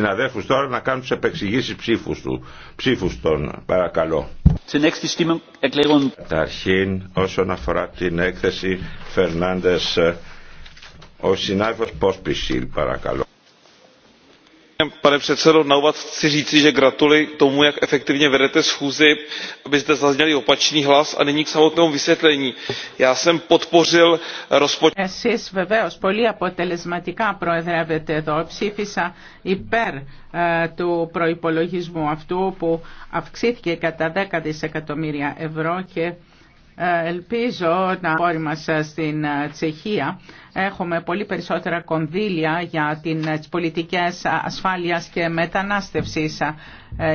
συναδέλφους τώρα να κάνουν τις επεξηγήσεις ψήφους, του, ψήφους των. Παρακαλώ. Καταρχήν όσον αφορά την έκθεση Φερνάντες, ε, ο συνάδελφος Πόσπισιλ παρακαλώ pane předsedající na úvod chci říci že gratuluji k tomu jak efektivně vedete schůzi aby zde zazněl i opačný hlas. a nyní k samotnému vysvětlení. já jsem podpořil rozpočet. Ε, ελπίζω να πόρει μας ε, στην ε, Τσεχία έχουμε πολύ περισσότερα κονδύλια για τις πολιτικές ασφάλειας και μετανάστευσης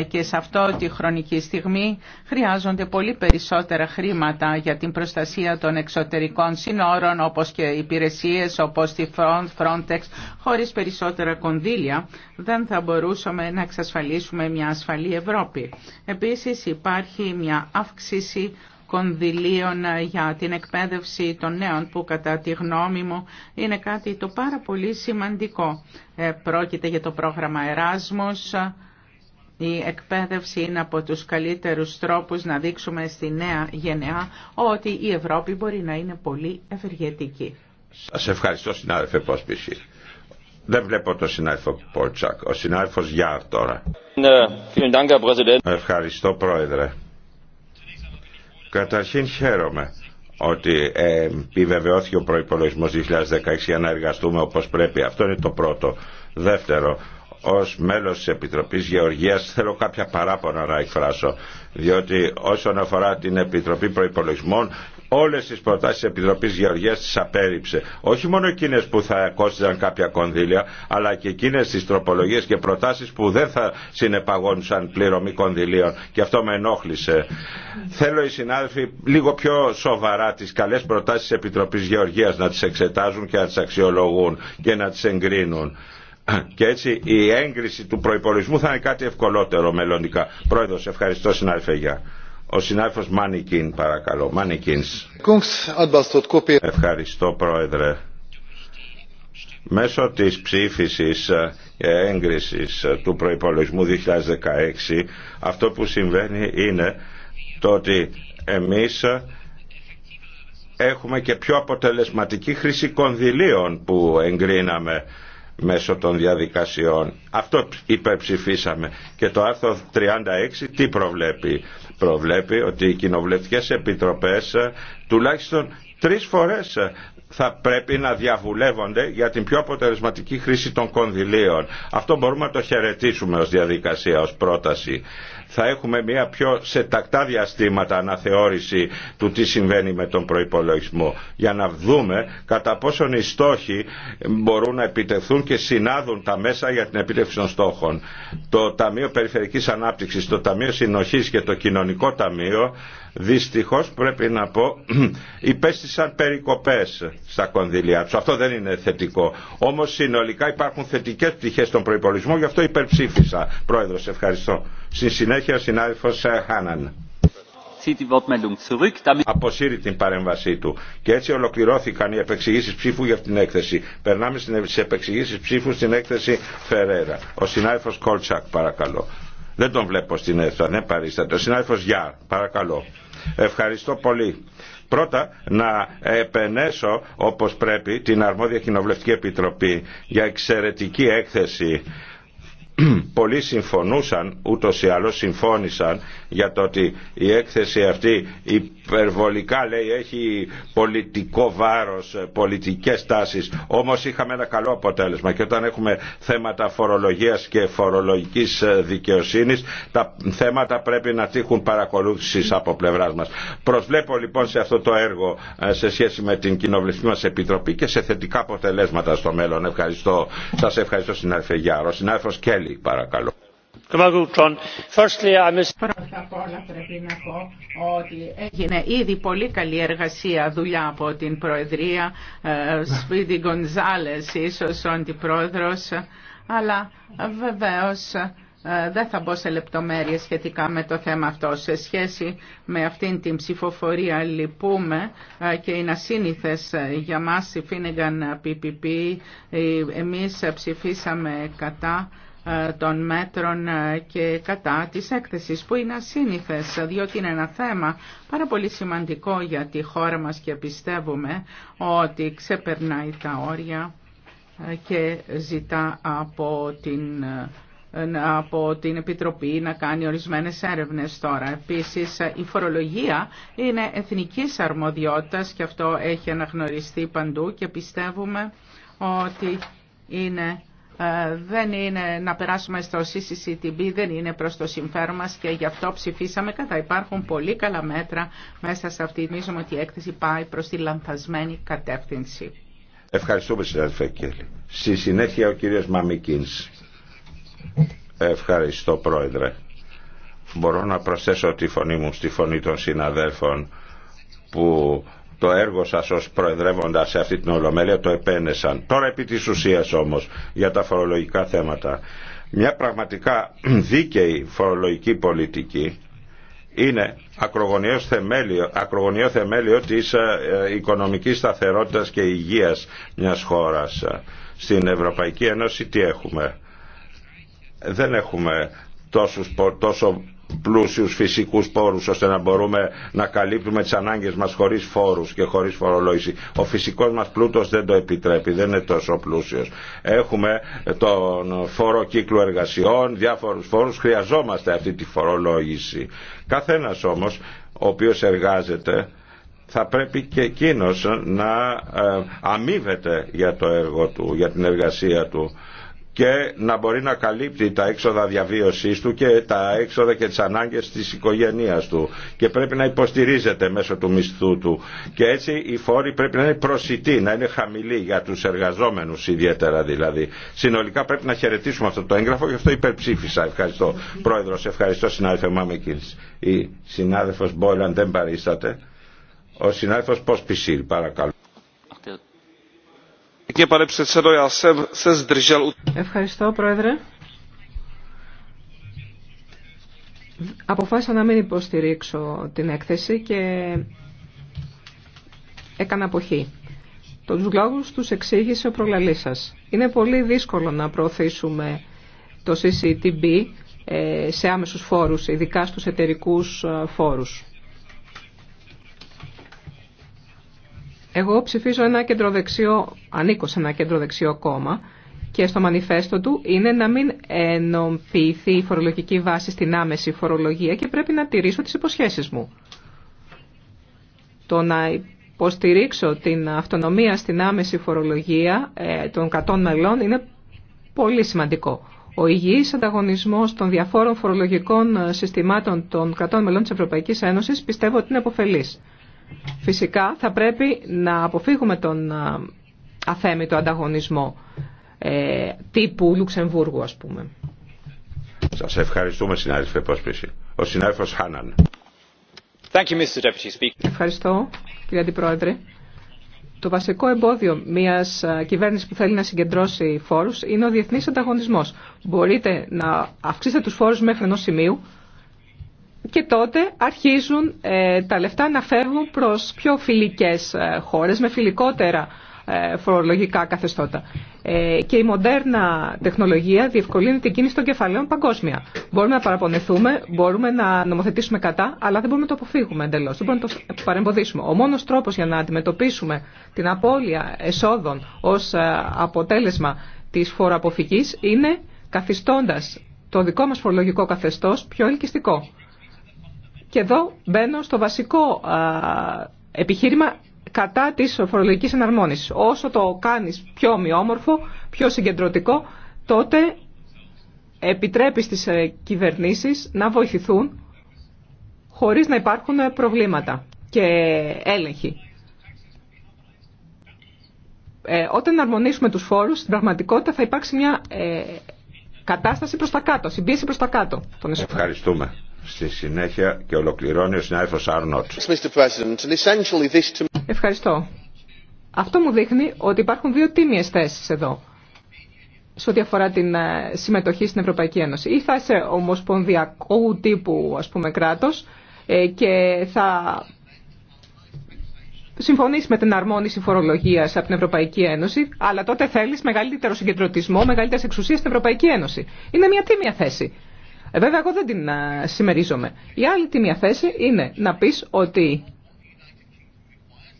και σε αυτό τη χρονική στιγμή χρειάζονται πολύ περισσότερα χρήματα για την προστασία των εξωτερικών συνόρων όπως και υπηρεσίες όπως τη Frontex χωρίς περισσότερα κονδύλια δεν θα μπορούσαμε να εξασφαλίσουμε μια ασφαλή Ευρώπη. Επίσης υπάρχει μια αύξηση κονδυλίων ε, για την εκπαίδευση των νέων που κατά τη γνώμη μου είναι κάτι το πάρα πολύ σημαντικό. Ε, πρόκειται για το πρόγραμμα Εράσμος. Η εκπαίδευση είναι από τους καλύτερους τρόπους να δείξουμε στη νέα γενεά ότι η Ευρώπη μπορεί να είναι πολύ ευεργετική. Σας ευχαριστώ συνάδελφε Πόσπιση. Δεν βλέπω τον συνάδελφο Πόρτσακ. Ο συνάδελφος Γιάρ τώρα. Ναι, ευχαριστώ πρόεδρε. Καταρχήν χαίρομαι ότι ε, επιβεβαιώθηκε ο προϋπολογισμός 2016 για να εργαστούμε όπως πρέπει. Αυτό είναι το πρώτο. Δεύτερο, ως μέλος της Επιτροπής Γεωργίας θέλω κάποια παράπονα να εκφράσω διότι όσον αφορά την Επιτροπή Προϋπολογισμών Όλε τι προτάσει τη Επιτροπής Γεωργίας τι απέρριψε. Όχι μόνο εκείνες που θα κόστιζαν κάποια κονδύλια, αλλά και εκείνες τις τροπολογίες και προτάσει που δεν θα συνεπαγόντουσαν πληρωμή κονδυλίων. Και αυτό με ενόχλησε. Θέλω οι συνάδελφοι λίγο πιο σοβαρά τι καλέ προτάσει τη Επιτροπής Γεωργίας να τι εξετάζουν και να τι αξιολογούν και να τι εγκρίνουν. Και έτσι η έγκριση του προπολογισμού θα είναι κάτι ευκολότερο μελλοντικά. Πρόεδρος, ευχαριστώ συνάδελφε. Ο συνάδελφο Μάνικιν παρακαλώ. Μάνικινς. Ευχαριστώ πρόεδρε. Μέσω της ψήφισης ε, και έγκρισης ε, του προϋπολογισμού 2016 αυτό που συμβαίνει είναι το ότι εμείς ε, έχουμε και πιο αποτελεσματική χρήση κονδυλίων που εγκρίναμε μέσω των διαδικασιών. Αυτό υπερψηφίσαμε. Και το άρθρο 36 τι προβλέπει προβλέπει ότι οι κοινοβουλευτικές επιτροπές ε, τουλάχιστον τρεις φορές ε, θα πρέπει να διαβουλεύονται για την πιο αποτελεσματική χρήση των κονδυλίων. Αυτό μπορούμε να το χαιρετήσουμε ως διαδικασία, ως πρόταση θα έχουμε μια πιο σε τακτά διαστήματα αναθεώρηση του τι συμβαίνει με τον προϋπολογισμό για να δούμε κατά πόσον οι στόχοι μπορούν να επιτεθούν και συνάδουν τα μέσα για την επιτεύξη των στόχων. Το Ταμείο Περιφερικής Ανάπτυξης, το Ταμείο Συνοχής και το Κοινωνικό Ταμείο δυστυχώς πρέπει να πω υπέστησαν περικοπές στα κονδύλια τους. Αυτό δεν είναι θετικό. Όμως συνολικά υπάρχουν θετικές πτυχές στον προϋπολογισμό, γι' αυτό υπερψήφισα. Πρόεδρος, ευχαριστώ. συνέχεια και ο συνάδελφος ε, Χάναν. Αποσύρει την παρέμβασή του. Και έτσι ολοκληρώθηκαν οι επεξηγήσει ψήφου για αυτήν την έκθεση. Περνάμε στι επεξηγήσει ψήφου στην έκθεση Φερέρα. Ο συνάδελφο Κόλτσακ, παρακαλώ. Δεν τον βλέπω στην αίθουσα, δεν ναι, παρίσταται. Ο συνάδελφο Γιάρ, παρακαλώ. Ευχαριστώ πολύ. Πρώτα να επενέσω όπως πρέπει την Αρμόδια Κοινοβουλευτική Επιτροπή για εξαιρετική έκθεση πολλοί συμφωνούσαν, ούτως ή άλλως συμφώνησαν για το ότι η έκθεση αυτή υπερβολικά λέει έχει πολιτικό βάρος, πολιτικές τάσεις. Όμως είχαμε ένα καλό αποτέλεσμα και όταν έχουμε θέματα φορολογίας και φορολογικής ε, δικαιοσύνης τα θέματα πρέπει να τύχουν παρακολούθησης από πλευράς μας. Προσβλέπω λοιπόν σε αυτό το έργο ε, σε σχέση με την κοινοβουλευτική μας επιτροπή και σε θετικά αποτελέσματα στο μέλλον. Ευχαριστώ. Σας ευχαριστώ συνάδελφε Γιάρο. Συνάδελφος Κέλλη παρακαλώ. Πρώτα απ' όλα πρέπει να πω ότι έγινε ήδη πολύ καλή εργασία δουλειά από την Προεδρία ε, Σπίτι Γκονζάλες ίσω ο Αντιπρόεδρος αλλά βεβαίω ε, δεν θα μπω σε λεπτομέρειες σχετικά με το θέμα αυτό. Σε σχέση με αυτήν την ψηφοφορία λυπούμε ε, και είναι ασύνηθε για μας η Φίνεγκαν PPP. Εμείς ψηφίσαμε κατά ε, των μέτρων ε, και κατά της έκθεσης που είναι ασύνηθες διότι είναι ένα θέμα πάρα πολύ σημαντικό για τη χώρα μας και πιστεύουμε ότι ξεπερνάει τα όρια ε, και ζητά από την από την Επιτροπή να κάνει ορισμένες έρευνες τώρα. Επίσης, η φορολογία είναι εθνικής αρμοδιότητας και αυτό έχει αναγνωριστεί παντού και πιστεύουμε ότι είναι ε, δεν είναι να περάσουμε στο CCCTB, δεν είναι προς το συμφέρον μας και γι' αυτό ψηφίσαμε κατά υπάρχουν πολύ καλά μέτρα μέσα σε αυτή. Νομίζω ότι η έκθεση πάει προς τη λανθασμένη κατεύθυνση. Ευχαριστούμε συνάδελφε Κέλλη. Στη συνέχεια ο κύριος Μαμικίνς. Ευχαριστώ πρόεδρε. Μπορώ να προσθέσω τη φωνή μου στη φωνή των συναδέλφων που το έργο σας ως προεδρεύοντα σε αυτή την Ολομέλεια το επένεσαν. Τώρα επί της ουσίας όμως για τα φορολογικά θέματα. Μια πραγματικά δίκαιη φορολογική πολιτική είναι ακρογωνιαίο θεμέλιο, ακρογωνιαίο θεμέλιο της ε, ε, οικονομικής σταθερότητας και υγείας μιας χώρας. Στην Ευρωπαϊκή Ένωση τι έχουμε. Δεν έχουμε τόσους, τόσο πλούσιους φυσικούς πόρους ώστε να μπορούμε να καλύπτουμε τις ανάγκες μας χωρίς φόρους και χωρίς φορολόγηση. Ο φυσικός μας πλούτος δεν το επιτρέπει, δεν είναι τόσο πλούσιος. Έχουμε τον φόρο κύκλου εργασιών, διάφορους φόρους, χρειαζόμαστε αυτή τη φορολόγηση. Καθένας όμως ο οποίος εργάζεται θα πρέπει και εκείνος να ε, αμείβεται για το έργο του, για την εργασία του και να μπορεί να καλύπτει τα έξοδα διαβίωσής του και τα έξοδα και τις ανάγκες της οικογένειας του και πρέπει να υποστηρίζεται μέσω του μισθού του και έτσι οι φόροι πρέπει να είναι προσιτοί, να είναι χαμηλοί για τους εργαζόμενους ιδιαίτερα δηλαδή. Συνολικά πρέπει να χαιρετήσουμε αυτό το έγγραφο γι' αυτό υπερψήφισα. Ευχαριστώ πρόεδρος, ευχαριστώ συνάδελφε Μάμικης. Η συνάδελφος Μπόλαν δεν παρίσταται. Ο συνάδελφος Πόσπισιλ παρακαλώ. Ευχαριστώ, Πρόεδρε. Αποφάσισα να μην υποστηρίξω την έκθεση και έκανα αποχή. Τους λόγους τους εξήγησε ο προλαλής σας. Είναι πολύ δύσκολο να προωθήσουμε το CCTB ε, σε άμεσους φόρους, ειδικά στους εταιρικούς ε, φόρους. Εγώ ψηφίζω ένα κεντροδεξιό, ανήκω σε ένα κεντροδεξιό κόμμα και στο μανιφέστο του είναι να μην ενοποιηθεί η φορολογική βάση στην άμεση φορολογία και πρέπει να τηρήσω τις υποσχέσεις μου. Το να υποστηρίξω την αυτονομία στην άμεση φορολογία ε, των 100 μελών είναι πολύ σημαντικό. Ο υγιής ανταγωνισμός των διαφόρων φορολογικών ε, συστημάτων των 100 μελών της Ευρωπαϊκής Ένωσης πιστεύω ότι είναι αποφελής. Φυσικά θα πρέπει να αποφύγουμε τον αθέμητο ανταγωνισμό ε, τύπου Λουξεμβούργου ας πούμε. Σας ευχαριστούμε συνάδελφε Πρόσπιση. Ο συνάδελφος Χάναν. Ευχαριστώ κύριε Αντιπρόεδρε. Το βασικό εμπόδιο μια κυβέρνηση που θέλει να συγκεντρώσει φόρου είναι ο διεθνή ανταγωνισμό. Μπορείτε να αυξήσετε του φόρου μέχρι ενό σημείου, και τότε αρχίζουν ε, τα λεφτά να φεύγουν προς πιο φιλικές ε, χώρες με φιλικότερα ε, φορολογικά καθεστώτα. Και η μοντέρνα τεχνολογία διευκολύνει την κίνηση των κεφαλαίων παγκόσμια. Μπορούμε να παραπονεθούμε, μπορούμε να νομοθετήσουμε κατά, αλλά δεν μπορούμε να το αποφύγουμε εντελώ. Δεν μπορούμε να το παρεμποδίσουμε. Ο μόνο τρόπο για να αντιμετωπίσουμε την απώλεια εσόδων ω αποτέλεσμα τη φοροαποφυγή είναι καθιστώντα το δικό μα φορολογικό καθεστώ πιο ελκυστικό. Και εδώ μπαίνω στο βασικό επιχείρημα κατά της φορολογικής εναρμόνισης. Όσο το κάνεις πιο ομοιόμορφο, πιο συγκεντρωτικό, τότε επιτρέπει στις ε, κυβερνήσεις να βοηθηθούν χωρίς να υπάρχουν ε, προβλήματα και έλεγχοι. Ε, όταν αρμονίσουμε τους φόρους, στην πραγματικότητα θα υπάρξει μια ε, κατάσταση προς τα κάτω, συμπίεση προς τα κάτω. Ευχαριστούμε. Στη συνέχεια και ολοκληρώνει ο συνάδελφος Άρνοτ. Ευχαριστώ. Αυτό μου δείχνει ότι υπάρχουν δύο τίμιες θέσεις εδώ σε ό,τι αφορά την ε, συμμετοχή στην Ευρωπαϊκή Ένωση. Ή θα είσαι ομοσπονδιακού τύπου ας πούμε, κράτος ε, και θα συμφωνείς με την αρμόνιση φορολογίας από την Ευρωπαϊκή Ένωση, αλλά τότε θέλεις μεγαλύτερο συγκεντρωτισμό, μεγαλύτερες εξουσία στην Ευρωπαϊκή Ένωση. Είναι μια τίμια θέση. Ε, βέβαια, εγώ δεν την συμμερίζομαι. Η άλλη τι μία θέση είναι να πεις ότι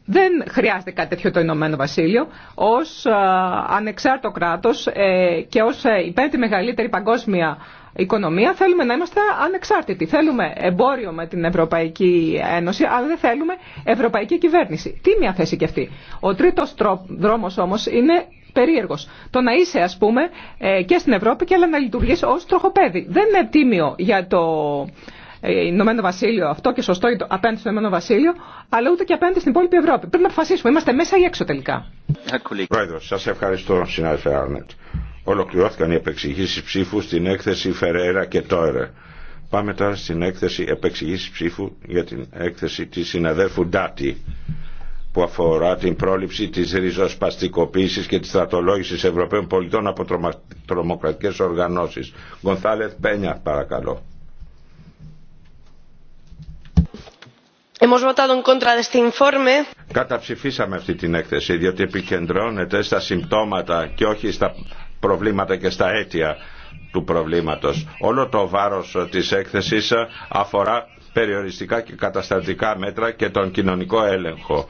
δεν χρειάζεται κάτι τέτοιο το Ηνωμένο Βασίλειο ως ανεξάρτητο κράτος ε, και ως η ε, πέμπτη μεγαλύτερη παγκόσμια οικονομία θέλουμε να είμαστε ανεξάρτητοι. Θέλουμε εμπόριο με την Ευρωπαϊκή Ένωση, αλλά δεν θέλουμε ευρωπαϊκή κυβέρνηση. Τι μια θέση και αυτή. Ο τρίτος δρόμος όμως είναι το να είσαι, α πούμε, ε, και στην Ευρώπη και αλλά να λειτουργεί ω τροχοπέδι. Δεν είναι τίμιο για το ε, Ηνωμένο Βασίλειο αυτό και σωστό απέναντι στο Ηνωμένο Βασίλειο, αλλά ούτε και απέναντι στην υπόλοιπη Ευρώπη. Πρέπει να αποφασίσουμε. Είμαστε μέσα ή έξω τελικά. Πρόεδρο, Σα ευχαριστώ, συνάδελφε Άρνετ. Ολοκληρώθηκαν οι επεξηγήσει ψήφου στην έκθεση Φεραίρα και Τόερε. Πάμε τώρα στην έκθεση επεξηγήσει ψήφου για την έκθεση τη συναδέλφου Ντάτη που αφορά την πρόληψη της ριζοσπαστικοποίησης και της στρατολόγησης Ευρωπαίων πολιτών από τρομοκρατικές οργανώσεις. Γκονθάλεθ Πένια, παρακαλώ. Καταψηφίσαμε αυτή την έκθεση διότι επικεντρώνεται στα συμπτώματα και όχι στα προβλήματα και στα αίτια του προβλήματος. Όλο το βάρος της έκθεσης αφορά περιοριστικά και καταστατικά μέτρα και τον κοινωνικό έλεγχο.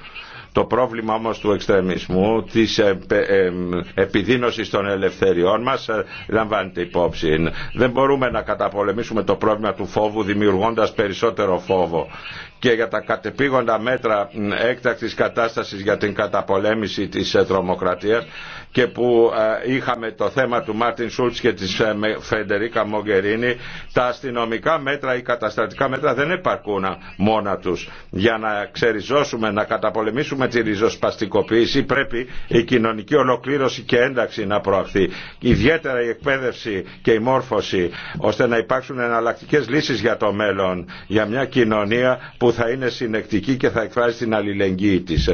Το πρόβλημα όμως του εξτρεμισμού, της ε, ε, επιδίνωσης των ελευθεριών μας ε, λαμβάνεται υπόψη. Δεν μπορούμε να καταπολεμήσουμε το πρόβλημα του φόβου δημιουργώντας περισσότερο φόβο και για τα κατεπήγοντα μέτρα έκτακτης κατάστασης για την καταπολέμηση της ε, τρομοκρατίας και που ε, είχαμε το θέμα του Μάρτιν Σούλτς και της ε, Φεντερίκα Μογκερίνη τα αστυνομικά μέτρα ή καταστατικά μέτρα δεν επαρκούν μόνα τους για να ξεριζώσουμε, να καταπολεμήσουμε τη ριζοσπαστικοποίηση πρέπει η κοινωνική ολοκλήρωση και ένταξη να προαχθεί ιδιαίτερα η εκπαίδευση και η μόρφωση ώστε να υπάρξουν εναλλακτικέ λύσεις για το μέλλον για μια κοινωνία που θα είναι συνεκτική και θα εκφράσει την αλληλεγγύη της.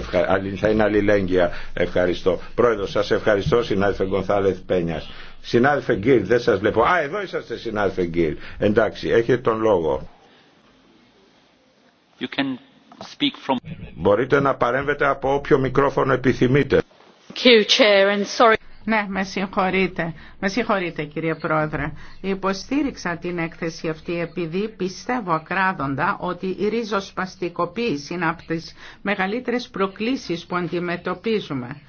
Θα είναι αλληλέγγυα. Ευχαριστώ. Πρόεδρο, σα ευχαριστώ συνάδελφε Γκονθάλεθ Πένια. Συνάδελφε Γκίλ, δεν σας βλέπω. Α, εδώ είσαστε συνάδελφε Γκίλ. Εντάξει, έχετε τον λόγο. Μπορείτε να παρέμβετε από όποιο μικρόφωνο επιθυμείτε. Thank Chair, and sorry. Ναι, με συγχωρείτε. Με συγχωρείτε κύριε Πρόεδρε. Υποστήριξα την έκθεση αυτή επειδή πιστεύω ακράδοντα ότι η ριζοσπαστικοποίηση είναι από τις μεγαλύτερες προκλήσεις που αντιμετωπίζουμε.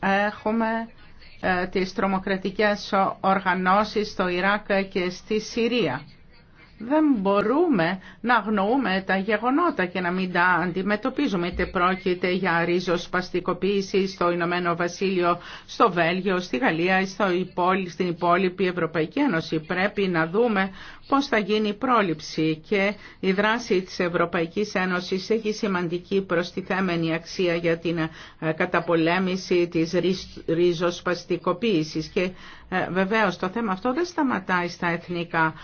Έχουμε ε, τις τρομοκρατικές οργανώσεις στο Ιράκ και στη Συρία δεν μπορούμε να αγνοούμε τα γεγονότα και να μην τα αντιμετωπίζουμε. Είτε πρόκειται για παστικοποίηση στο Ηνωμένο Βασίλειο, στο Βέλγιο, στη Γαλλία ή στο στην υπόλοιπη Ευρωπαϊκή Ένωση. Πρέπει να δούμε πώς θα γίνει η πρόληψη και η δράση της Ευρωπαϊκής Ένωσης έχει σημαντική προστιθέμενη αξία για την ε, καταπολέμηση της ριζοσπαστικοποίησης και ε, βεβαίως το θέμα αυτό δεν σταματάει στα εθνικά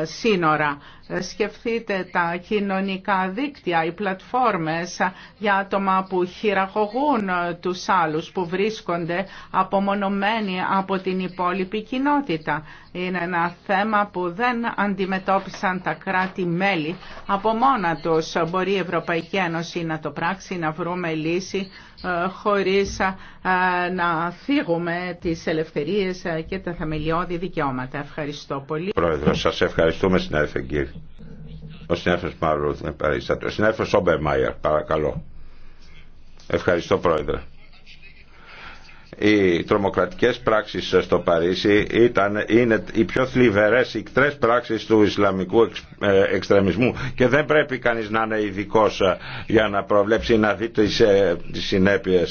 ε, σύνορα. Σκεφτείτε τα κοινωνικά δίκτυα, οι πλατφόρμες για άτομα που χειραγωγούν τους άλλους, που βρίσκονται απομονωμένοι από την υπόλοιπη κοινότητα. Είναι ένα θέμα που δεν αντιμετώπισαν τα κράτη-μέλη από μόνα τους. Μπορεί η Ευρωπαϊκή Ένωση να το πράξει, να βρούμε λύση ε, χωρίς ε, να φύγουμε τις ελευθερίες ε, και τα θεμελιώδη δικαιώματα. Ευχαριστώ πολύ. Πρόεδρο, σας ευχαριστούμε στην κύριε. Ο συνάδελφος Μαύρου δεν Ο συνάδελφος Όμπερμαϊερ, παρακαλώ. Ευχαριστώ πρόεδρε οι τρομοκρατικές πράξεις στο Παρίσι ήταν, είναι οι πιο θλιβερές, κτρές πράξεις του Ισλαμικού εξ, ε, και δεν πρέπει κανείς να είναι ειδικό ε, για να προβλέψει να δει τις, ε, ε,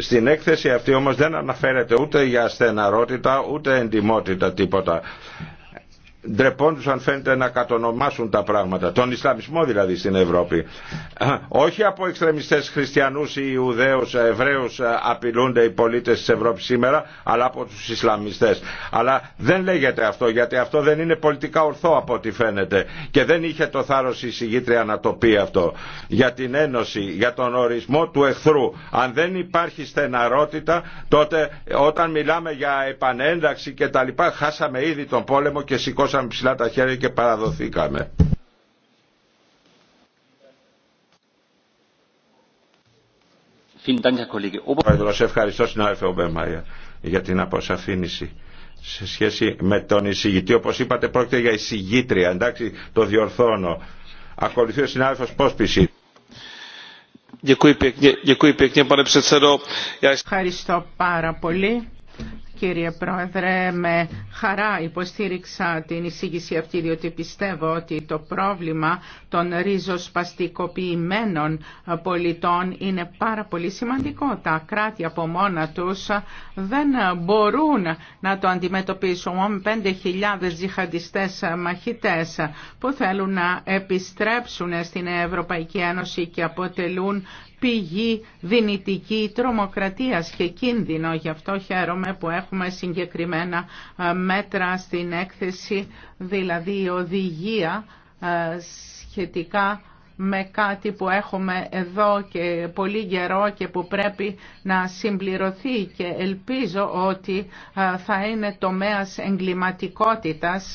Στην έκθεση αυτή όμως δεν αναφέρεται ούτε για στεναρότητα ούτε εντιμότητα τίποτα ντρεπόντουσαν φαίνεται να κατονομάσουν τα πράγματα, τον Ισλαμισμό δηλαδή στην Ευρώπη. Ε, όχι από εξτρεμιστές χριστιανούς ή Ιουδαίους, ε, Εβραίους ε, απειλούνται οι πολίτες της Ευρώπης σήμερα, αλλά από τους Ισλαμιστές. Αλλά δεν λέγεται αυτό, γιατί αυτό δεν είναι πολιτικά ορθό από ό,τι φαίνεται. Και δεν είχε το θάρρος η συγγήτρια να το πει αυτό. Για την ένωση, για τον ορισμό του εχθρού. Αν δεν υπάρχει στεναρότητα, τότε όταν μιλάμε για επανένταξη και τα λοιπά, χάσαμε ήδη τον πόλεμο και σηκώσαμε σηκώσαμε ψηλά τα χέρια και παραδοθήκαμε. σε ευχαριστώ συνάδελφε Ομπερμαϊα για την αποσαφήνιση σε σχέση με τον εισηγητή. Όπως είπατε πρόκειται για εισηγήτρια, εντάξει, το διορθώνω. Ακολουθεί ο συνάδελφος Πόσπιση. Ευχαριστώ πάρα πολύ. Κύριε Πρόεδρε, με χαρά υποστήριξα την εισήγηση αυτή, διότι πιστεύω ότι το πρόβλημα των ριζοσπαστικοποιημένων πολιτών είναι πάρα πολύ σημαντικό. Τα κράτη από μόνα τους δεν μπορούν να το αντιμετωπίσουν με 5.000 ζυχαντιστές μαχητές που θέλουν να επιστρέψουν στην Ευρωπαϊκή Ένωση και αποτελούν πηγή δυνητική τρομοκρατίας και κίνδυνο. Γι' αυτό χαίρομαι που έχουμε συγκεκριμένα ε, μέτρα στην έκθεση, δηλαδή οδηγία ε, σχετικά με κάτι που έχουμε εδώ και πολύ καιρό και που πρέπει να συμπληρωθεί και ελπίζω ότι θα είναι τομέας εγκληματικότητας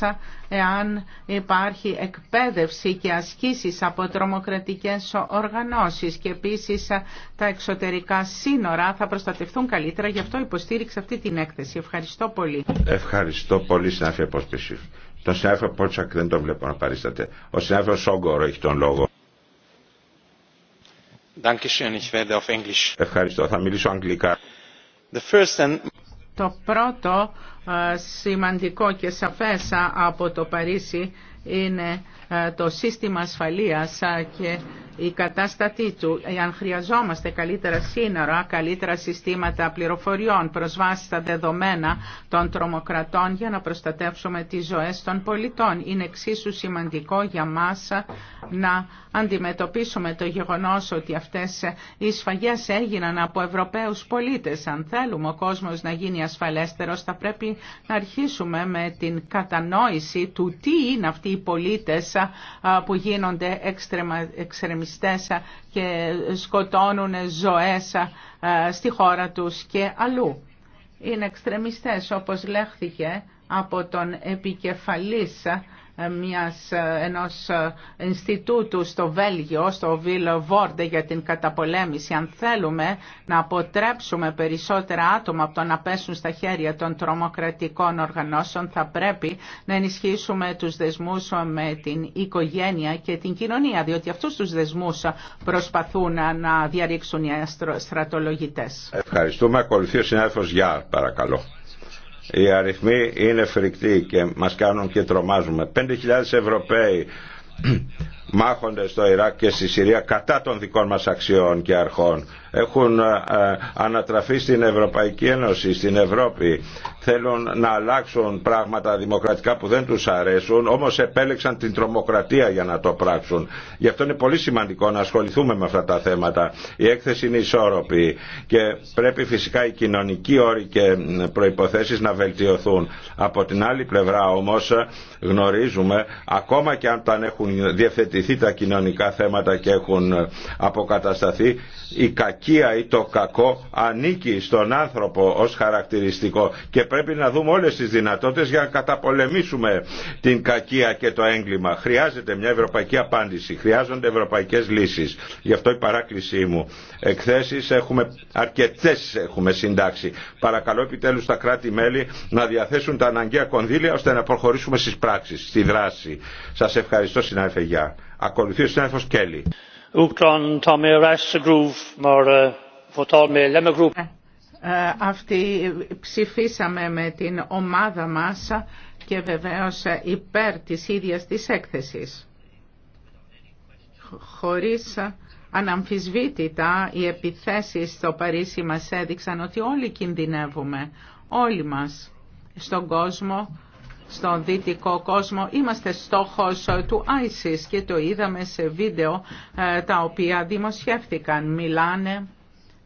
εάν υπάρχει εκπαίδευση και ασκήσεις από τρομοκρατικές οργανώσεις και επίσης τα εξωτερικά σύνορα θα προστατευτούν καλύτερα. Γι' αυτό υποστήριξα αυτή την έκθεση. Ευχαριστώ πολύ. Ευχαριστώ πολύ συνάφη Πόσπισιφ. Τον συνάδελφο Πότσακ δεν τον βλέπω να παρίσταται. Ο συνάδελφος Σόγκορο έχει τον λόγο. Ευχαριστώ. Θα μιλήσω αγγλικά. Το πρώτο ε, σημαντικό και σαφέσα από το Παρίσι είναι ε, το σύστημα ασφαλείας ε, και η κατάστατή του, ε, αν χρειαζόμαστε καλύτερα σύνορα, καλύτερα συστήματα πληροφοριών, προσβάσει στα δεδομένα των τρομοκρατών για να προστατεύσουμε τις ζωές των πολιτών. Είναι εξίσου σημαντικό για μας να αντιμετωπίσουμε το γεγονός ότι αυτές οι σφαγές έγιναν από Ευρωπαίους πολίτες. Αν θέλουμε ο κόσμος να γίνει ασφαλέστερος θα πρέπει να αρχίσουμε με την κατανόηση του τι είναι αυτοί οι πολίτες που γίνονται εξτρεμιστές και σκοτώνουν ζωές στη χώρα τους και αλλού. Είναι εξτρεμιστές όπως λέχθηκε από τον επικεφαλής μιας, ενός ε, Ινστιτούτου στο Βέλγιο, στο Βίλ Βόρντε για την καταπολέμηση. Αν θέλουμε να αποτρέψουμε περισσότερα άτομα από το να πέσουν στα χέρια των τρομοκρατικών οργανώσεων, θα πρέπει να ενισχύσουμε τους δεσμούς με την οικογένεια και την κοινωνία, διότι αυτούς τους δεσμούς προσπαθούν να διαρρήξουν οι στρατολογητές. Ευχαριστούμε. Ακολουθεί ο συνάδελφος Γιάρ, παρακαλώ. Οι αριθμοί είναι φρικτοί και μας κάνουν και τρομάζουμε. 5.000 Ευρωπαίοι μάχονται στο Ιράκ και στη Συρία κατά των δικών μας αξιών και αρχών. Έχουν ε, ανατραφεί στην Ευρωπαϊκή Ένωση, στην Ευρώπη. Θέλουν να αλλάξουν πράγματα δημοκρατικά που δεν τους αρέσουν, όμως επέλεξαν την τρομοκρατία για να το πράξουν. Γι' αυτό είναι πολύ σημαντικό να ασχοληθούμε με αυτά τα θέματα. Η έκθεση είναι ισόρροπη και πρέπει φυσικά οι κοινωνικοί όροι και προϋποθέσεις να βελτιωθούν. Από την άλλη πλευρά όμως γνωρίζουμε, ακόμα και αν τα έχουν διευθετηθεί λυθεί τα κοινωνικά θέματα και έχουν ε, αποκατασταθεί η κακία ή το κακό ανήκει στον άνθρωπο ως χαρακτηριστικό και πρέπει να δούμε όλες τις δυνατότητες για να καταπολεμήσουμε την κακία και το έγκλημα. Χρειάζεται μια ευρωπαϊκή απάντηση, χρειάζονται ευρωπαϊκές λύσεις. Γι' αυτό η παράκλησή μου. Εκθέσεις έχουμε, αρκετές έχουμε συντάξει. Παρακαλώ επιτέλους τα κράτη-μέλη να διαθέσουν τα αναγκαία κονδύλια ώστε να προχωρήσουμε στις πράξεις, στη δράση. Σας ευχαριστώ συνάδελφε Ακολουθεί ο συνάδελφο Κέλλη. Ε, ε, Αυτή ψηφίσαμε με την ομάδα μα και βεβαίω υπέρ της ίδιας της έκθεσης. Χωρίς αναμφισβήτητα οι επιθέσεις στο Παρίσι μας έδειξαν ότι όλοι κινδυνεύουμε, όλοι μας στον κόσμο στον δυτικό κόσμο. Είμαστε στόχος ε, του ISIS και το είδαμε σε βίντεο ε, τα οποία δημοσιεύτηκαν. Μιλάνε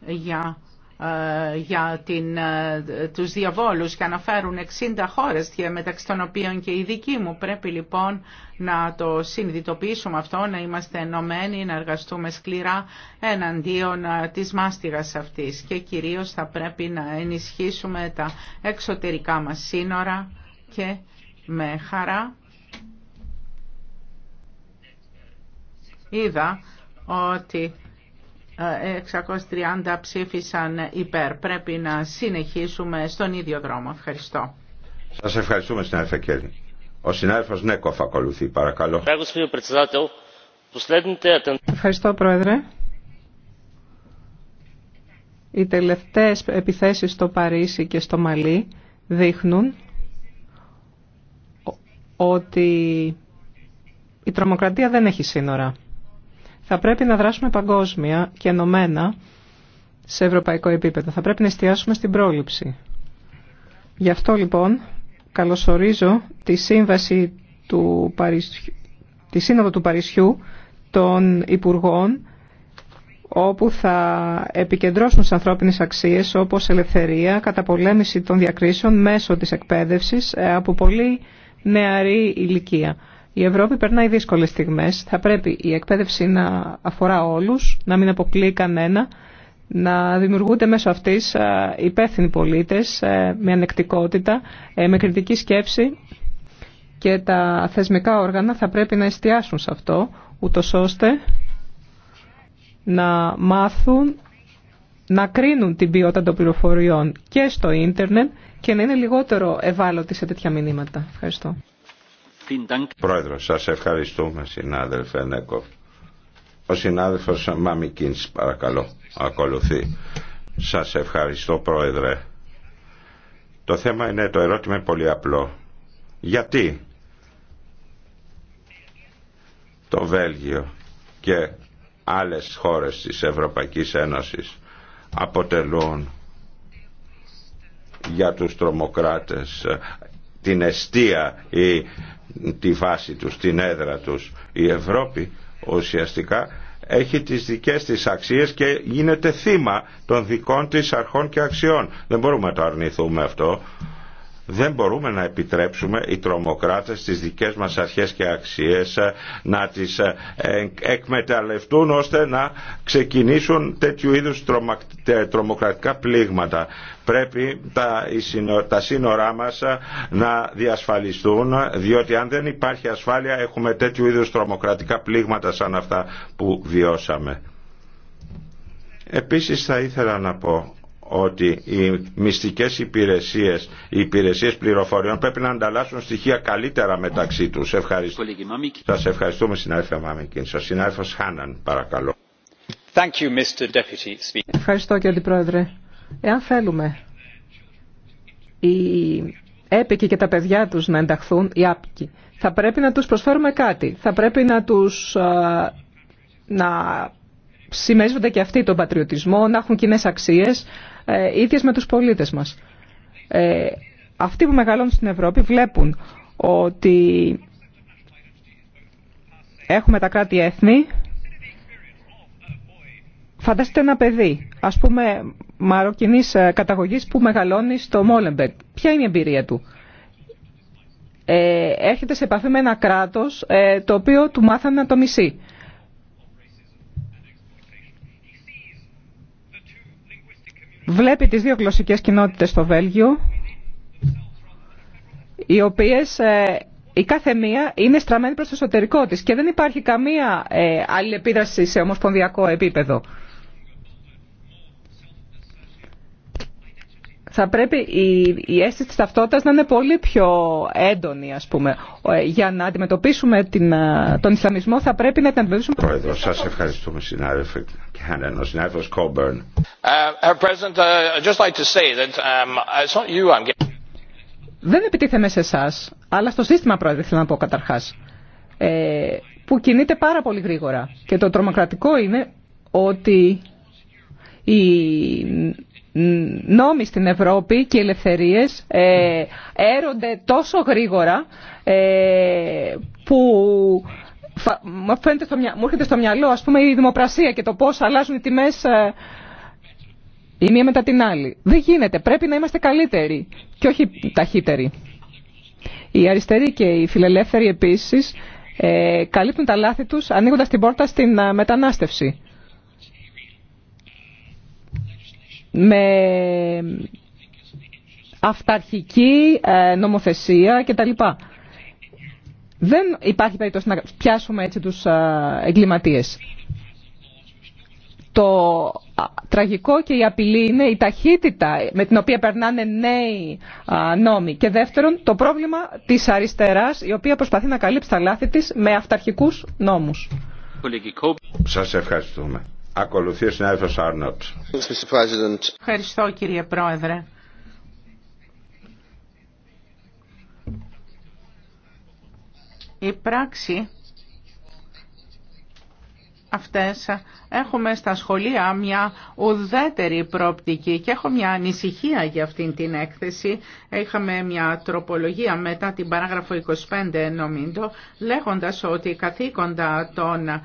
για ε, για την, τους διαβόλους και αναφέρουν 60 χώρες μεταξύ των οποίων και η δική μου. Πρέπει λοιπόν να το συνειδητοποιήσουμε αυτό, να είμαστε ενωμένοι, να εργαστούμε σκληρά εναντίον της μάστιγας αυτής και κυρίως θα πρέπει να ενισχύσουμε τα εξωτερικά μας σύνορα και με χαρά είδα ότι 630 ε, ψήφισαν υπέρ. Πρέπει να συνεχίσουμε στον ίδιο δρόμο. Ευχαριστώ. Σας ευχαριστούμε συνάδελφε Κέλλη. Ο συνάδελφος Νέκοφ ακολουθεί. Παρακαλώ. Ευχαριστώ Πρόεδρε. Οι τελευταίες επιθέσεις στο Παρίσι και στο Μαλί δείχνουν ότι η τρομοκρατία δεν έχει σύνορα. Θα πρέπει να δράσουμε παγκόσμια και ενωμένα σε ευρωπαϊκό επίπεδο. Θα πρέπει να εστιάσουμε στην πρόληψη. Γι' αυτό λοιπόν καλωσορίζω τη σύμβαση του Παρισιού, τη σύνοδο του Παρισιού των Υπουργών όπου θα επικεντρώσουν στις ανθρώπινες αξίες όπως ελευθερία, καταπολέμηση των διακρίσεων μέσω της εκπαίδευσης ε, από πολύ νεαρή ηλικία. Η Ευρώπη περνάει δύσκολες στιγμές. Θα πρέπει η εκπαίδευση να αφορά όλους, να μην αποκλείει κανένα, να δημιουργούνται μέσω αυτής ε, υπεύθυνοι πολίτε, ε, με ανεκτικότητα, ε, με κριτική σκέψη και τα θεσμικά όργανα θα πρέπει να εστιάσουν σε αυτό, ούτω ώστε να μάθουν να κρίνουν την ποιότητα των πληροφοριών και στο ίντερνετ και να είναι λιγότερο ευάλωτοι σε τέτοια μηνύματα. Ευχαριστώ. Πρόεδρο, σας ευχαριστούμε συνάδελφε Νέκοφ. Ο συνάδελφο Μαμικίν, παρακαλώ ακολουθεί. Σας ευχαριστώ πρόεδρε. Το θέμα είναι, το ερώτημα είναι πολύ απλό. Γιατί το Βέλγιο και άλλες χώρες της Ευρωπαϊκής Ένωσης αποτελούν για τους τρομοκράτες την αιστεία ή τη βάση τους, την έδρα τους. Η Ευρώπη ουσιαστικά έχει τις δικές της αξίες και γίνεται θύμα των δικών της αρχών και αξιών. Δεν μπορούμε να το αρνηθούμε αυτό. Δεν μπορούμε να επιτρέψουμε οι τρομοκράτες τις δικές μας αρχές και αξίες ε, να τις ε, εκμεταλλευτούν ώστε να ξεκινήσουν τέτοιου είδους τρομοκρατικά πλήγματα. Πρέπει τα σύνορά μας ε, να διασφαλιστούν διότι αν δεν υπάρχει ασφάλεια έχουμε τέτοιου είδους τρομοκρατικά πλήγματα σαν αυτά που βιώσαμε. Επίσης θα ήθελα να πω ότι οι μυστικές υπηρεσίες, οι υπηρεσίες πληροφοριών πρέπει να ανταλλάσσουν στοιχεία καλύτερα μεταξύ τους. Ευχαριστώ. Σας ευχαριστούμε συνάδελφε Μάμικιν. Σας συνάδελφος Χάναν παρακαλώ. Ευχαριστώ κύριε Πρόεδρε. Εάν θέλουμε οι έπικοι και τα παιδιά τους να ενταχθούν, οι άπικοι, θα πρέπει να τους προσφέρουμε κάτι. Θα πρέπει να τους να σημαίζονται και αυτοί τον πατριωτισμό, να έχουν κοινέ αξίες, ε, με τους πολίτες μας. Ε, αυτοί που μεγαλώνουν στην Ευρώπη βλέπουν ότι έχουμε τα κράτη-έθνη. Φανταστείτε ένα παιδί, ας πούμε μαροκινής ε, καταγωγής που μεγαλώνει στο Μόλεμπεκ. Ποια είναι η εμπειρία του. Ε, έρχεται σε επαφή με ένα κράτος ε, το οποίο του μάθανε να το μισεί. βλέπει τις δύο γλωσσικές κοινότητες στο Βέλγιο, οι οποίες ε, η κάθε μία είναι στραμμένη προς το εσωτερικό της και δεν υπάρχει καμία ε, αλληλεπίδραση σε ομοσπονδιακό επίπεδο. θα πρέπει η, η αίσθηση τη ταυτότητα να είναι πολύ πιο έντονη, α πούμε. Ε, για να αντιμετωπίσουμε την, ε, τον Ισλαμισμό θα πρέπει να την αντιμετωπίσουμε... Πρόεδρο, σας ευχαριστούμε συνάδελφε Κόμπερν. Ε, Δεν επιτίθεμαι σε εσά, αλλά στο σύστημα, πρόεδρε, θέλω να πω καταρχά, ε, που κινείται πάρα πολύ γρήγορα. Και το τρομοκρατικό είναι ότι η νόμοι στην Ευρώπη και ελευθερίες ε, έρονται τόσο γρήγορα ε, που μου, μου έρχεται στο μυαλό ας πούμε η δημοπρασία και το πώς αλλάζουν οι τιμές ε, η μία μετά την άλλη. Δεν γίνεται. Πρέπει να είμαστε καλύτεροι και όχι ταχύτεροι. Οι αριστεροί και οι φιλελεύθεροι επίσης ε, καλύπτουν τα λάθη τους ανοίγοντας την πόρτα στην μετανάστευση. με αυταρχική ε, νομοθεσία κτλ. Δεν υπάρχει περίπτωση να πιάσουμε έτσι τους ε, εγκληματίες. Το τραγικό και η απειλή είναι η ταχύτητα με την οποία περνάνε νέοι νόμοι. Και δεύτερον, το πρόβλημα της αριστεράς, η οποία προσπαθεί να καλύψει τα λάθη της με αυταρχικούς νόμους. Σας ευχαριστούμε. Ακολουθεί ο συνάδελφος Άρνοτ. Ευχαριστώ κύριε Πρόεδρε. Η πράξη αυτές έχουμε στα σχολεία μια ουδέτερη πρόπτικη και έχω μια ανησυχία για αυτήν την έκθεση. Είχαμε μια τροπολογία μετά την παράγραφο 25 νομίντο λέγοντας ότι η καθήκοντα των ε,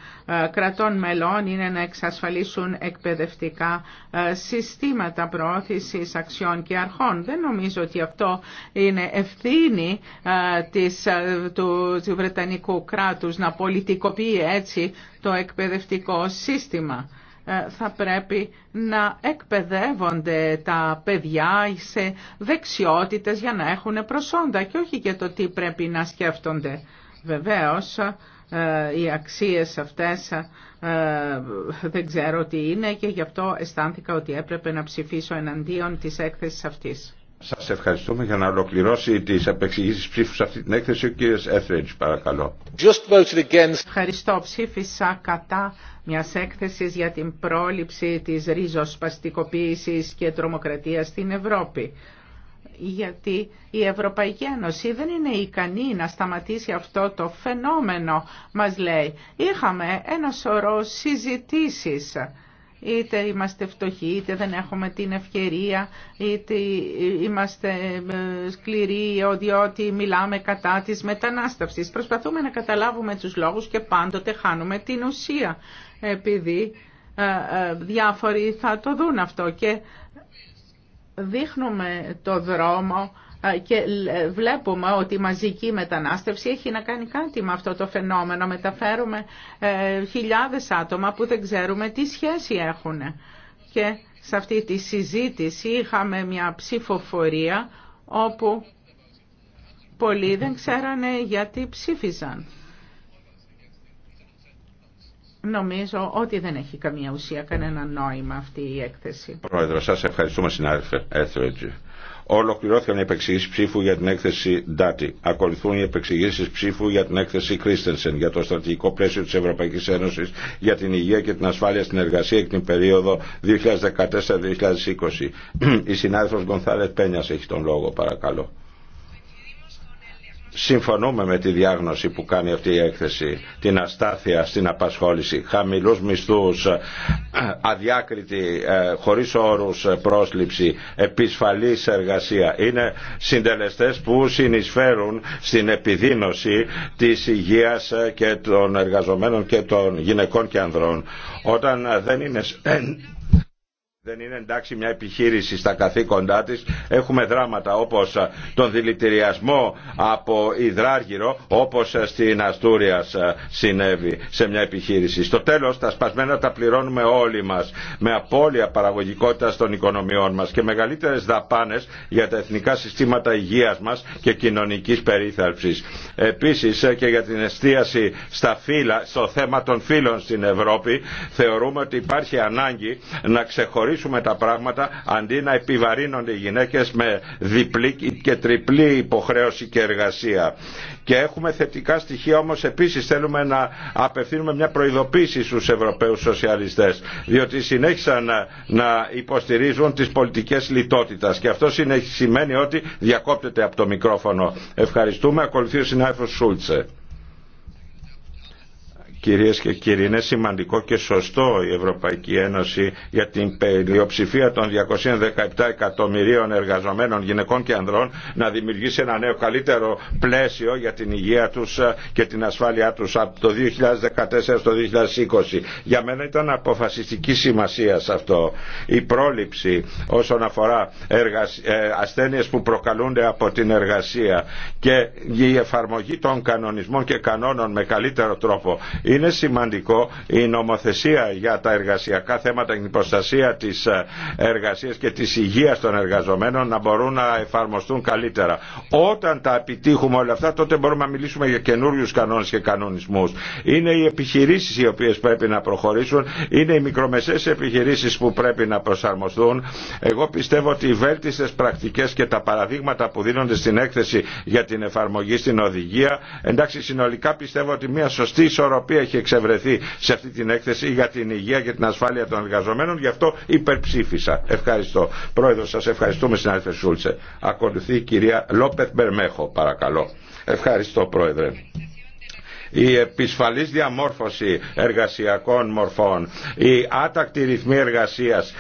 κρατών μελών είναι να εξασφαλίσουν εκπαιδευτικά ε, συστήματα προώθησης αξιών και αρχών. Δεν νομίζω ότι αυτό είναι ευθύνη ε, της, του, του Βρετανικού κράτους να πολιτικοποιεί έτσι το εκπαιδευτικό σύστημα. Ε, θα πρέπει να εκπαιδεύονται τα παιδιά σε δεξιότητες για να έχουν προσόντα και όχι για το τι πρέπει να σκέφτονται. Βεβαίως, ε, οι αξίες αυτές ε, δεν ξέρω τι είναι και γι' αυτό αισθάνθηκα ότι έπρεπε να ψηφίσω εναντίον της έκθεσης αυτής. Σας ευχαριστούμε για να ολοκληρώσει τις επεξηγήσεις ψήφου αυτή την έκθεση ο κύριος Έθριτ, παρακαλώ. Ευχαριστώ. Ψήφισα κατά μια έκθεση για την πρόληψη της ρίζοσπαστικοποίησης και τρομοκρατίας στην Ευρώπη γιατί η Ευρωπαϊκή Ένωση δεν είναι ικανή να σταματήσει αυτό το φαινόμενο, μας λέει. Είχαμε ένα σωρό συζητήσεις είτε είμαστε φτωχοί, είτε δεν έχουμε την ευκαιρία, είτε είμαστε ε, σκληροί διότι μιλάμε κατά της μετανάστευσης. Προσπαθούμε να καταλάβουμε τους λόγους και πάντοτε χάνουμε την ουσία, επειδή ε, ε, διάφοροι θα το δουν αυτό και δείχνουμε το δρόμο και ε, βλέπουμε ότι η μαζική μετανάστευση έχει να κάνει κάτι με αυτό το φαινόμενο. Μεταφέρουμε ε, χιλιάδες άτομα που δεν ξέρουμε τι σχέση έχουν. Και σε αυτή τη συζήτηση είχαμε μια ψηφοφορία όπου πολλοί δεν ξέρανε γιατί ψήφιζαν. Νομίζω ότι δεν έχει καμία ουσία, κανένα νόημα αυτή η έκθεση. Πρόεδρο, σας ευχαριστούμε συνάδελφε Ολοκληρώθηκαν οι επεξηγήσει ψήφου για την έκθεση Ντάτι. Ακολουθούν οι επεξηγήσει ψήφου για την έκθεση Κρίστενσεν για το στρατηγικό πλαίσιο τη Ευρωπαϊκή Ένωση, για την υγεία και την ασφάλεια στην εργασία και την περίοδο 2014-2020. Η συνάδελφος Γκονθάλετ Πένια έχει τον λόγο παρακαλώ συμφωνούμε με τη διάγνωση που κάνει αυτή η έκθεση, την αστάθεια στην απασχόληση, χαμηλούς μισθούς, αδιάκριτη, ε, χωρίς όρους ε, πρόσληψη, επισφαλής εργασία. Είναι συντελεστές που συνεισφέρουν στην επιδείνωση της υγείας ε, και των εργαζομένων και των γυναικών και ανδρών. Όταν δεν είναι δεν είναι εντάξει μια επιχείρηση στα καθήκοντά της έχουμε δράματα όπως ε, τον δηλητηριασμό από υδράργυρο όπως ε, στην Αστούρια ε, συνέβη σε μια επιχείρηση στο τέλος τα σπασμένα τα πληρώνουμε όλοι μας με απώλεια παραγωγικότητας των οικονομιών μας και μεγαλύτερες δαπάνες για τα εθνικά συστήματα υγείας μας και κοινωνικής περίθαλψης επίσης και για την εστίαση στα φύλλα, στο θέμα των φύλων στην Ευρώπη θεωρούμε ότι υπάρχει ανάγκη να ξεχωρίσουμε καθορίσουμε τα πράγματα αντί να επιβαρύνονται οι γυναίκες με διπλή και τριπλή υποχρέωση και εργασία. Και έχουμε θετικά στοιχεία όμως επίσης θέλουμε να απευθύνουμε μια προειδοποίηση στους Ευρωπαίους σοσιαλιστές διότι συνέχισαν να, να υποστηρίζουν τις πολιτικές λιτότητας και αυτό σημαίνει ότι διακόπτεται από το μικρόφωνο. Ευχαριστούμε. Ακολουθεί ο συνάδελφος Σούλτσε. Κυρίες και κύριοι, είναι σημαντικό και σωστό η Ευρωπαϊκή Ένωση για την πλειοψηφία των 217 εκατομμυρίων εργαζομένων γυναικών και ανδρών να δημιουργήσει ένα νέο καλύτερο πλαίσιο για την υγεία τους και την ασφάλειά τους από το 2014 στο 2020. Για μένα ήταν αποφασιστική σημασία σε αυτό. Η πρόληψη όσον αφορά ε, ασθένειες που προκαλούνται από την εργασία και η εφαρμογή των κανονισμών και κανόνων με καλύτερο τρόπο είναι σημαντικό η νομοθεσία για τα εργασιακά θέματα και την προστασία τη ε, εργασία και τη υγεία των εργαζομένων να μπορούν να εφαρμοστούν καλύτερα. Όταν τα επιτύχουμε όλα αυτά, τότε μπορούμε να μιλήσουμε για καινούριου κανόνε και κανονισμού. Είναι οι επιχειρήσει οι οποίε πρέπει να προχωρήσουν, είναι οι μικρομεσαίε επιχειρήσει που πρέπει να προσαρμοστούν. Εγώ πιστεύω ότι οι βέλτιστε πρακτικέ και τα παραδείγματα που δίνονται στην έκθεση για την εφαρμογή στην οδηγία, εντάξει, συνολικά πιστεύω ότι μια σωστή ισορροπία έχει εξευρεθεί σε αυτή την έκθεση για την υγεία και την ασφάλεια των εργαζομένων. Γι' αυτό υπερψήφισα. Ευχαριστώ. Πρόεδρο, σα ευχαριστούμε, συνάδελφε Σούλτσε. Ακολουθεί η κυρία Λόπεθ Μπερμέχο, παρακαλώ. Ευχαριστώ, Πρόεδρε η επισφαλής διαμόρφωση εργασιακών μορφών, η άτακτη ρυθμή εργασίας,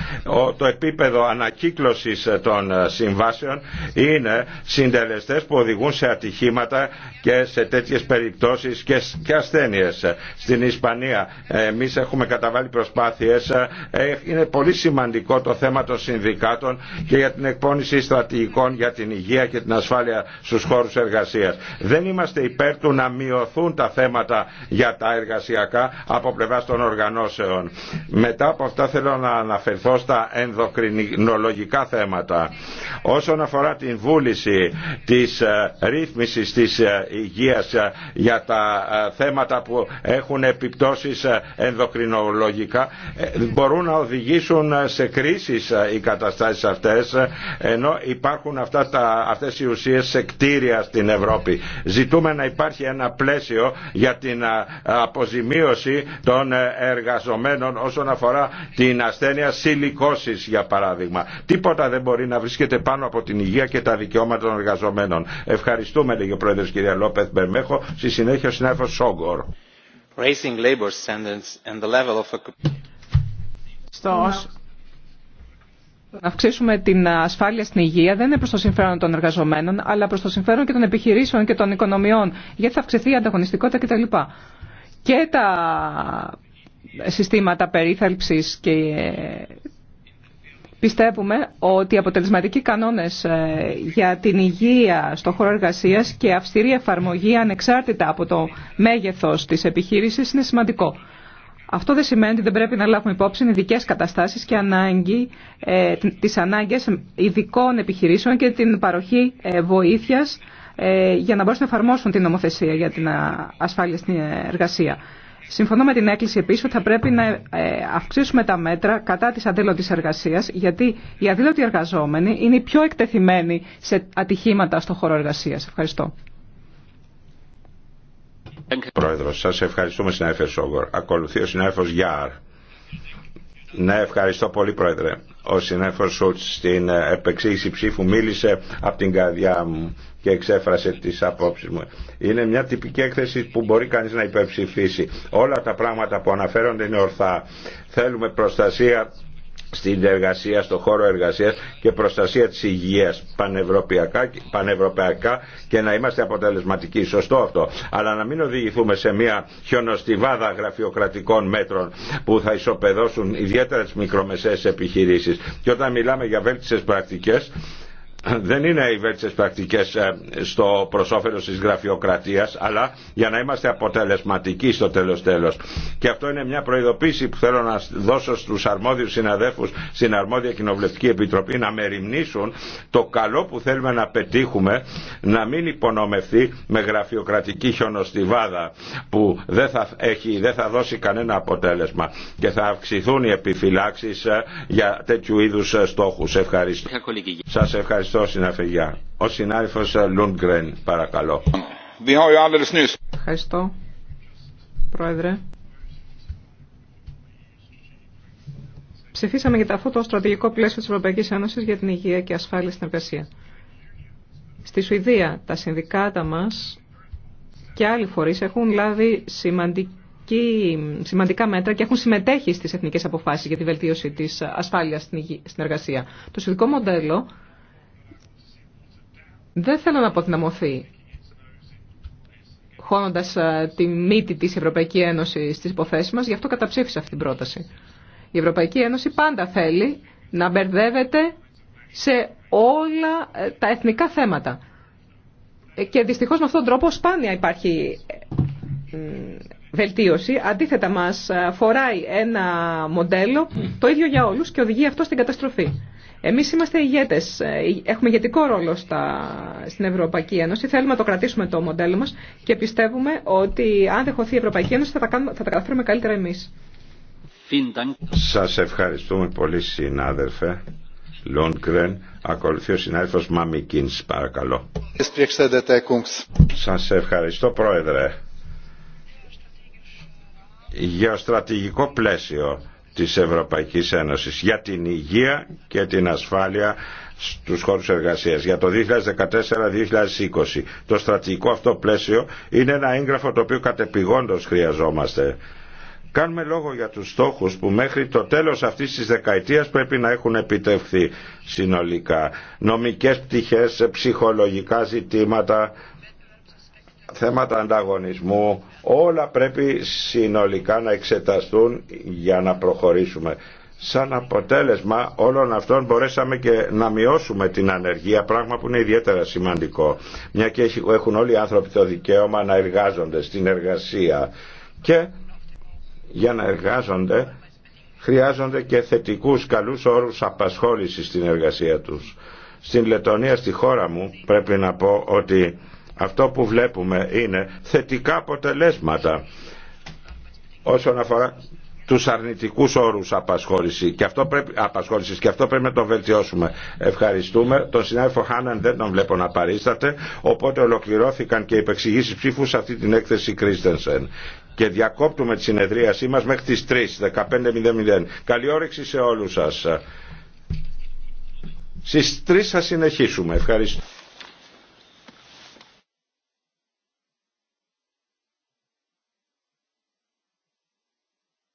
το επίπεδο ανακύκλωσης των συμβάσεων είναι συντελεστές που οδηγούν σε ατυχήματα και σε τέτοιες περιπτώσεις και ασθένειες. Στην Ισπανία εμείς έχουμε καταβάλει προσπάθειες. Ε, είναι πολύ σημαντικό το θέμα των συνδικάτων και για την εκπόνηση στρατηγικών για την υγεία και την ασφάλεια στους χώρους εργασίας. Δεν είμαστε υπέρ να μειωθούν τα θέματα για τα εργασιακά από πλευρά των οργανώσεων. Μετά από αυτά θέλω να αναφερθώ στα ενδοκρινολογικά θέματα. Όσον αφορά την βούληση της ε, ρύθμισης της ε, υγείας ε, για τα θέματα που έχουν επιπτώσεις ενδοκρινολογικά μπορούν να οδηγήσουν σε κρίσεις οι καταστάσεις αυτές ενώ υπάρχουν αυτά τα, αυτές οι ουσίες σε κτίρια στην Ευρώπη. Ζητούμε να υπάρχει ένα πλαίσιο για την αποζημίωση των ε, εργαζομένων όσον αφορά την ασθένεια σιλικόσης για παράδειγμα. Τίποτα δεν μπορεί να βρίσκεται πάνω από την υγεία και τα δικαιώματα των εργαζομένων. Ευχαριστούμε λέγει ο Πρόεδρος κυρία Λόπεθ Μπερμέχο, στη συνέχεια ο συνάδελφος Σόγκορ να αυξήσουμε την ασφάλεια στην υγεία δεν είναι προ το συμφέρον των εργαζομένων, αλλά προ το συμφέρον και των επιχειρήσεων και των οικονομιών, γιατί θα αυξηθεί η ανταγωνιστικότητα κτλ. Και τα συστήματα περίθαλψης και πιστεύουμε ότι οι αποτελεσματικοί κανόνες ε, για την υγεία στον χώρο εργασία και αυστηρή εφαρμογή ανεξάρτητα από το μέγεθο τη επιχείρηση είναι σημαντικό. Αυτό δεν σημαίνει ότι δεν πρέπει να λάβουμε υπόψη ειδικέ καταστάσει και ανάγκη, ε, τι ανάγκε ειδικών επιχειρήσεων και την παροχή ε, βοήθεια ε, για να μπορέσουν να εφαρμόσουν την νομοθεσία για την ασφάλεια στην εργασία. Συμφωνώ με την έκκληση επίση ότι θα πρέπει να ε, αυξήσουμε τα μέτρα κατά τη αδήλωτη εργασία, γιατί οι αδήλωτοι εργαζόμενοι είναι οι πιο εκτεθειμένοι σε ατυχήματα στον χώρο εργασία. Ευχαριστώ. Προέδρο. σας ευχαριστούμε συνάδελφε Σόγκορ. Ακολουθεί ο συνάδελφο Γιάρ. Ναι, ευχαριστώ πολύ Πρόεδρε. Ο συνάδελφο Σούτ στην επεξήγηση ψήφου μίλησε από την καρδιά μου και εξέφρασε τι απόψει μου. Είναι μια τυπική έκθεση που μπορεί κανείς να υπερψηφίσει. Όλα τα πράγματα που αναφέρονται είναι ορθά. Θέλουμε προστασία στην εργασία, στον χώρο εργασίας και προστασία της υγείας πανευρωπαϊκά, πανευρωπαϊκά και να είμαστε αποτελεσματικοί. Σωστό αυτό. Αλλά να μην οδηγηθούμε σε μια χιονοστιβάδα γραφειοκρατικών μέτρων που θα ισοπεδώσουν ιδιαίτερα τις μικρομεσαίες επιχειρήσεις. Και όταν μιλάμε για βέλτιστες πρακτικές δεν είναι οι βέλτισε πρακτικέ ε, στο προσώφερο τη γραφειοκρατία, αλλά για να είμαστε αποτελεσματικοί στο τέλο τέλο. και αυτό είναι μια προειδοποίηση που θέλω να δώσω στου αρμόδιου συναδέφου στην αρμόδια κοινοβουλευτική επιτροπή να μεριμνήσουν το καλό που θέλουμε να πετύχουμε να μην υπονομευθεί με γραφειοκρατική χιονοστιβάδα που δεν θα, έχει, δεν θα δώσει κανένα αποτέλεσμα και θα αυξηθούν οι επιφυλάξει ε, για τέτοιου είδου ε, στόχου. Ευχαριστώ. ευχαριστώ Ευχαριστώ συνάδελφε Γιά. Ο συνάδελφος συναφεγιά. αυτό το στρατηγικό πλαίσιο της Ευρωπαϊκής Ένωσης για την υγεία και ασφάλεια στην εργασία. Στη Σουηδία τα συνδικάτα μας και άλλοι φορείς έχουν λάβει σημαντική, σημαντικά μέτρα και έχουν συμμετέχει στις εθνικές αποφάσεις για τη βελτίωση της ασφάλειας στην, εργασία. Το σουηδικό μοντέλο δεν θέλω να αποδυναμωθεί χώνοντα ε, τη μύτη της Ευρωπαϊκή Ένωση στις υποθέσεις μας. γι' αυτό καταψήφισα αυτή την πρόταση. Η Ευρωπαϊκή Ένωση πάντα θέλει να μπερδεύεται σε όλα ε, τα εθνικά θέματα. Ε, και δυστυχώς με αυτόν τον τρόπο σπάνια υπάρχει βελτίωση. Αντίθετα μας φοράει ένα μοντέλο το ίδιο για όλους και οδηγεί αυτό στην καταστροφή. Εμείς είμαστε ηγέτες, ε, έχουμε ηγετικό ρόλο στα, στην Ευρωπαϊκή Ένωση, θέλουμε να το κρατήσουμε το μοντέλο μας και πιστεύουμε ότι αν δεχοθεί η Ευρωπαϊκή Ένωση θα τα, κάνουμε, θα τα καταφέρουμε καλύτερα εμείς. Σας ευχαριστούμε πολύ συνάδελφε. Λόγκρεν, ακολουθεί ο συνάδελφος Μαμικίνς, παρακαλώ. Σας ευχαριστώ πρόεδρε. Γεωστρατηγικό πλαίσιο της Ευρωπαϊκής Ένωσης για την υγεία και την ασφάλεια στους χώρους εργασίας για το 2014-2020. Το στρατηγικό αυτό πλαίσιο είναι ένα έγγραφο το οποίο κατεπηγόντως χρειαζόμαστε. Κάνουμε λόγο για τους στόχους που μέχρι το τέλος αυτής της δεκαετίας πρέπει να έχουν επιτευχθεί συνολικά. Νομικές πτυχές, ψυχολογικά ζητήματα, θέματα ανταγωνισμού, όλα πρέπει συνολικά να εξεταστούν για να προχωρήσουμε. Σαν αποτέλεσμα όλων αυτών μπορέσαμε και να μειώσουμε την ανεργία, πράγμα που είναι ιδιαίτερα σημαντικό, μια και έχουν όλοι οι άνθρωποι το δικαίωμα να εργάζονται στην εργασία και για να εργάζονται χρειάζονται και θετικούς καλούς όρους απασχόλησης στην εργασία τους. Στην Λετωνία, στη χώρα μου, πρέπει να πω ότι αυτό που βλέπουμε είναι θετικά αποτελέσματα όσον αφορά τους αρνητικούς όρους απασχόληση και αυτό πρέπει, απασχόλησης και αυτό πρέπει να το βελτιώσουμε. Ευχαριστούμε. Τον συνάδελφο Χάναν δεν τον βλέπω να παρίσταται, οπότε ολοκληρώθηκαν και οι υπεξηγήσεις ψήφου σε αυτή την έκθεση Κρίστενσεν. Και διακόπτουμε τη συνεδρίασή μας μέχρι τις 3, 15.00. Καλή όρεξη σε όλους σας. Στις 3 θα συνεχίσουμε. Ευχαριστώ.